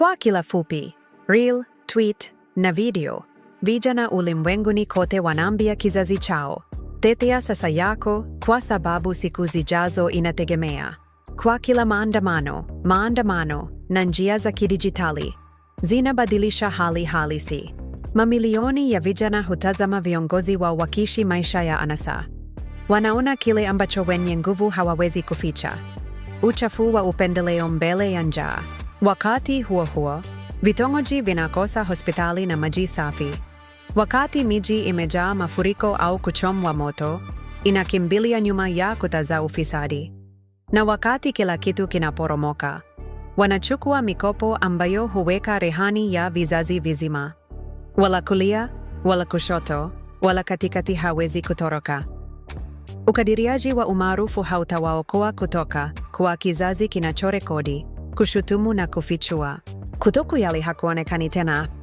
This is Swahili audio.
Jukwaa kila fupi, reel, tweet na video, vijana ulimwenguni kote wanaambia kizazi chao, tetea sasa yako kwa sababu siku zijazo inategemea. Kwa kila maandamano, maandamano na njia za kidijitali zinabadilisha hali halisi. Mamilioni ya vijana hutazama viongozi wao wakiishi maisha ya anasa. Wanaona kile ambacho wenye nguvu hawawezi kuficha: uchafu wa upendeleo mbele ya njaa. Wakati huo huo, vitongoji vinakosa hospitali na maji safi. Wakati miji imejaa mafuriko au kuchomwa moto, inakimbilia nyuma ya kuta za ufisadi. Na wakati kila kitu kinaporomoka, wanachukua mikopo ambayo huweka rehani ya vizazi vizima. Wala kulia, wala kushoto, wala katikati hawezi kutoroka. Ukadiriaji wa umaarufu hautawaokoa kutoka kwa kizazi kinachorekodi kushutumu na kufichua. Kutoku yali hakuonekani tena